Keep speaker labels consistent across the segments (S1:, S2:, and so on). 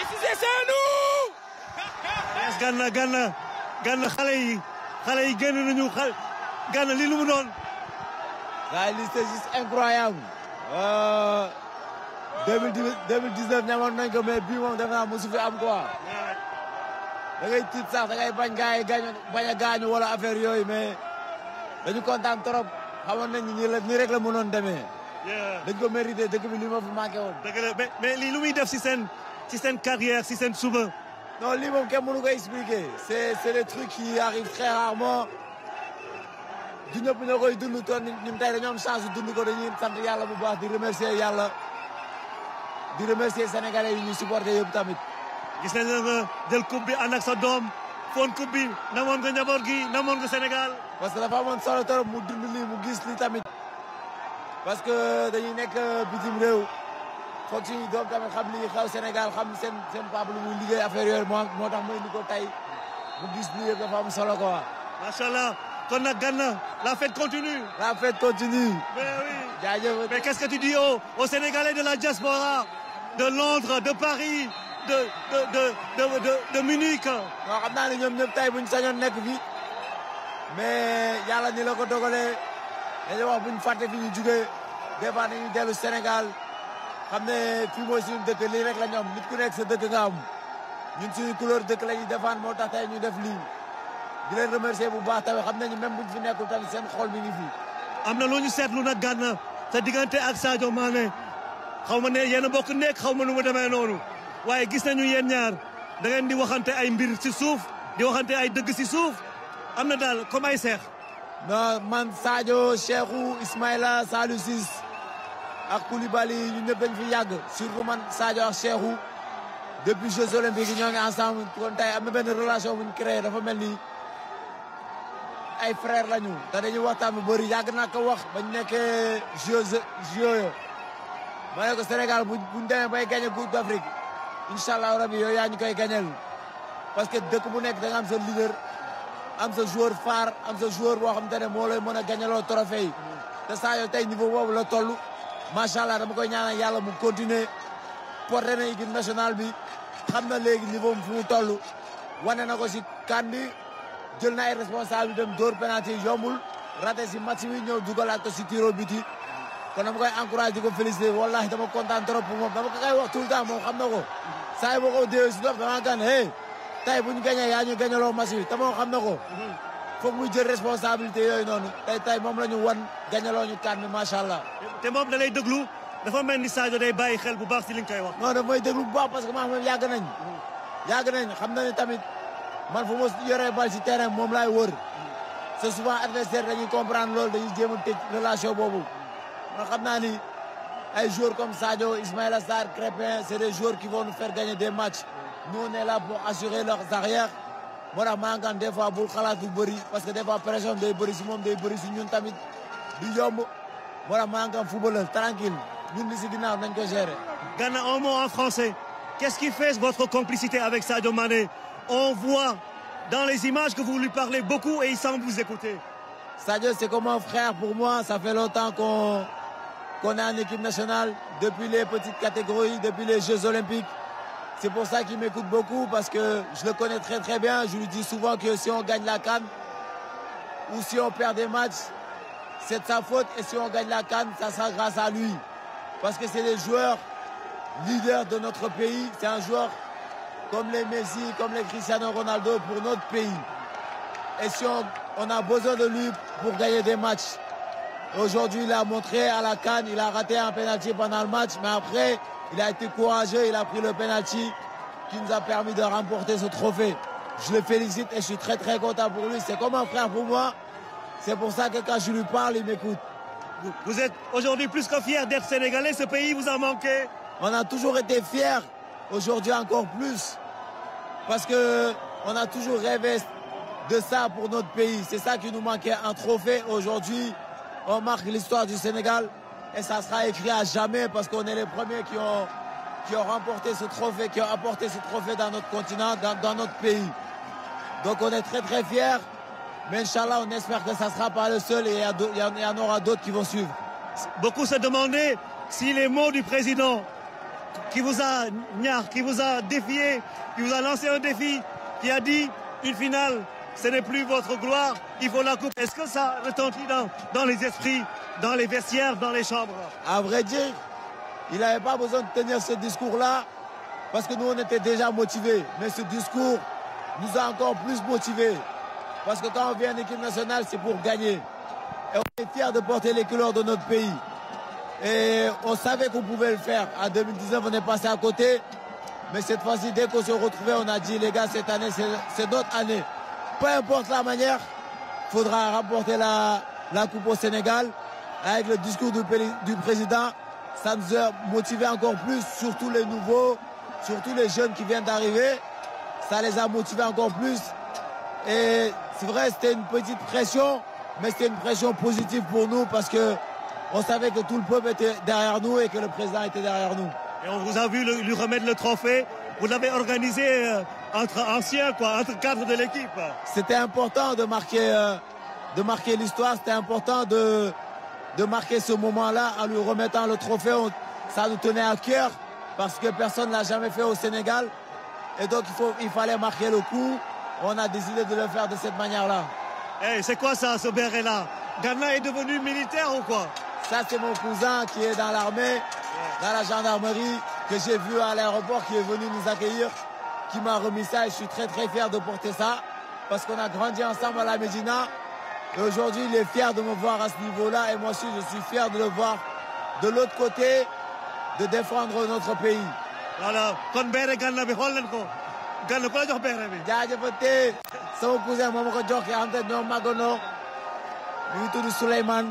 S1: et si c'est nous. yes Gana Gana Gana xale yi xale yi génn nañu xale Gana lii lu mu doon. lii c'est juste incroyable. Euh, deux mille dix deux mille dix neuf nañ ko mais bii moom defe naa am quoi. da ngay tiit sax da ngay bañ gars yi gaañu wala affaire yooyu mais dañu kontaan trop xamoon nañ ni nii rek la mënoon demee. dañ ko mérité dëkk bi li ma fi manqué woon. dëgg la mais lii lu muy def si seen si seen carrière si seen suba. non lii moom kenn mënu ko expliquer c'est c'est des trucs qui arrivent très rarement du ñëpp ñoo koy dund toon ñun tey dañoo am chance dund ko dañuy sant yàlla bu baax di remercier yàlla di remercier sénégalais yi ñu supporter yëpp tamit. gis nañ la jël coupe bi ànd ak sa doom foon coupe bi namoon nga njaboot gi namoon nga Sénégal. parce que dafa amoon solo trop mu dund lii mu gis lii parce que dañuy nekk bitim réew foog suñu doom tamit xam li xew Sénégal xam seen seen liggéey affaire yooyu moo moo tax ma indi ko tey mu gis lii yëpp dafa am solo quoi. a allah kon nag Gana la fête continue. la fête continue. mais oui mais qu'est-ce que tu dis aux aux Sénégalais de la diaspora de Londres de Paris de de de de de de Munich. non xam naa ne ñoom ñëpp tey nekk fii mais yàlla ni la dañuy wax bu ñu fàtte fi ñu jugee des fois dañuy dellu Sénégal xam ne fii mooy suñu dëkk lii rek la ñu am nit ku nekk sa dëkk nga am ñun suñu couleur dëkk la ñuy défendre moo tax tey ñu def lii di leen remercier bu baax tamit xam nañu même buñ fi nekkul tamit sen xol mi ngi fi. am na lu ñu seetlu nag gànna sa diggante ak Sadio Mané xaw ma ne yéen a bokk nekk xaw ma nu mu demee noonu waaye gis nañu yéen ñaar da ngeen di waxante ay mbir ci suuf di waxante ay dëgg ci suuf am na daal comme ay na man Sadio Cheikhou Ismaïla Salou Ciss ak Koulibaly ñu ñëpp dañ fi yàgg surtout man Sadio ak Cheikhou depuis Jeux olympiques ñoo ngi ensemble kon tey am na benn relation ñu créé dafa mel ni ay frère lañu te dañuy waxtaan bu bëri yàgg naa ko wax bañ nekkee Jeux yooyu ma ne ko Sénégal bu buñ demee ba gagné Coupe d'Afrique incha allah rabi yooyu yaa ñu koy gagnel parce que dëkk bu nekk da nga am sa am sa joueur phare am sa joueur boo xamante ne moo lay mën a gañaloo trophée te saa tey niveau boobu la toll macha allah dama koy ñaanal yàlla mu continuer porté na équipe nationale bi xam na léegi niveau fu mu toll wane na ko si kan bi jël na ay responsable dem dóor penalty yombul raté si match bi ñëw dugalaat ko si tiro biti kon dama koy encouragé di ko félicité wallahi dama kontaan trop pour moom dama ko koy wax tout le xam na ko saa yi tey bu ñu gañee yaa ñu gañaloo match bi te moo xam na ko foog muy jël responsabilité yooyu noonu tey tey moom la ñu wan gañaloo ñu kan bi macha allah. te moom da lay déglu dafa mel ni Sadio day bàyyi xel bu baax si li koy wax. non daf may déglu bu baax parce que maa xam yàgg nañ yàgg nañ xam na ni tamit man fu ma yoree bal si terrain moom laay wër c'est souvent adversaire dañuy comprendre loolu dañuy jéem a tëj relation boobu man xam naa ni ay joueurs comme Sadio Ismaïla Sarr Crépin c'est des joueurs qui vont nous faire gagner des matchs. nous on est là pour assurer leurs arrières moo tax des fois bul xalaat parce que des fois pression day bëri si moom day bëri si ñun tamit du yomb moo footballeur tranquille ñun li si ginnaaw Gana en français qu'est-ce qui fait votre complicité avec Sadio Mané on voit dans les images que vous lui parlez beaucoup et il semble vous écouter. Sadio c'est comme un pour moi ça fait longtemps qu'on qu'on est en équipe nationale depuis C'est pour ça qu'il m'écoute beaucoup parce que je le connais très bien. Je lui dis souvent que si on gagne la canne ou si on perd des matchs, c'est de sa faute. Et si on gagne la canne, ça sera grâce à lui. Parce que c'est des joueurs leaders de notre pays. C'est un joueur comme les Messi, comme les Cristiano Ronaldo pour notre pays. Et si on a besoin de lui pour gagner des matchs. Aujourd'hui, il a montré à la canne, il a raté un penalty pendant le match, mais après, il a été courageux, il a pris le penalty qui nous a permis de remporter ce trophée. Je le félicite et je suis très content pour lui. C'est comme un frère pour moi. C'est pour ça que quand je lui parle, il m'écoute. Vous êtes aujourd'hui plus que fier Aujourd'hui encore plus. Parce que a toujours rêvé de ça pour notre pays. C'est ça qui nous manquait, un trophée. on marque l'histoire du Sénégal et ça sera écrit à jamais parce qu'on est les premiers qui ont, remporté ce trophée, dans notre continent, dans, notre pays. on est très très fiers, mais Inch'Allah, on espère que ça ne sera pas le seul et il aura d'autres qui vont suivre. Beaucoup se demandaient si les mots du président qui vous a lancé un défi, qui a dit une finale ce n'est plus votre gloire, il faut la coupe. Est-ce que ça retentit dans, dans, les esprits, dans les vestiaires, dans les chambres À vrai dire, il n'avait pas besoin de tenir ce discours-là, parce que nous, on était déjà motivés. Mais ce discours nous a encore plus motivés. Parce que quand on vient en équipe nationale, c'est pour gagner. Et on de savait qu'on pouvait le faire. En on est passé à côté. Mais cette fois-ci, dès qu'on se retrouvait, on a dit, les gars, cette peu importe la manière, faudra rapporter la, la Coupe au Sénégal. Avec le discours du, du président, ça nous a motivés encore plus, surtout les nouveaux, surtout les jeunes qui viennent d'arriver. Ça les a motivés encore plus. Et c'est vrai, c'était une petite pression, mais c'était une pression positive pour nous parce que on savait que tout le peuple était derrière nous et que le président était derrière nous. Et on vous a vu lui remettre le trophée. Vous l'avez organisé euh, entre anciens, quoi, entre cadres de l'équipe. C'était important euh, de marquer, l'histoire. C'était important de, marquer ce moment-là en lui remettant le trophée. On, nous tenait à cœur parce que personne ne jamais fait au Sénégal. Et donc il, fallait marquer le coup. On a décidé de le faire de cette manière-là. Eh, c'est quoi ça, ce béret-là Ghana est devenu militaire ou quoi c'est mon cousin qui est dans l'armée, dans la gendarmerie, que j'ai vu à l'aéroport, qui qui m'a remis ça et je suis très très fier de porter ça parce qu'on a grandi ensemble à la Médina. Et aujourd'hui, il est fier de me voir à ce niveau-là et moi aussi, je suis fier de le voir de l'autre côté, de défendre notre pays. voilà kon beere gànna bi xool leen ko gànna ku la jox beere bi. jaajëfatee sama cousin moom ko jox ki am te ñoo màggandoo ñu ngi tudd Souleymane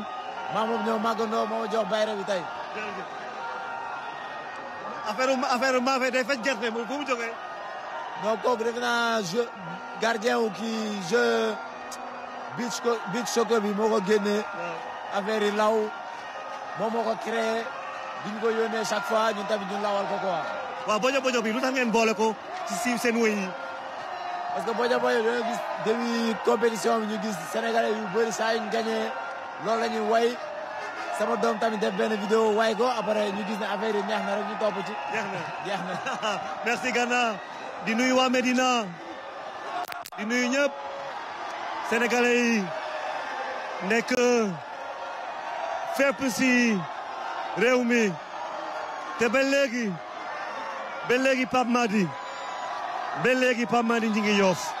S1: maa moom ñoo màggandoo moo jox beere bi tey. affaire affaire maa fay day faj gerte bu mu jógee. donc kooku defe naa jeu gardien wu kii jeu beach co beach soccer bi moo ko génnee. affaire yi law moom moo ko créé duñ ko yónnee chaque fois ñun tamit ñu lawal ko quoi. waaw bojo bojo bi lu tax ngeen boole ko ci si seen wéy yi. parce que bojo bojo dañoo gis début compétition yu bëri saa yu ñu gagné loolu la ñuy way sama doom tamit def benn vidéo way ko après ñu gis ne affaire yi neex rek ñu topp ci. jeex di nuyu waa Medina di nuyu ñëpp sénégalais yi nekk fépp si réew mi te ba léegi ba léegi Pape Madi ba léegi Pape Madi ñi ngi Yoff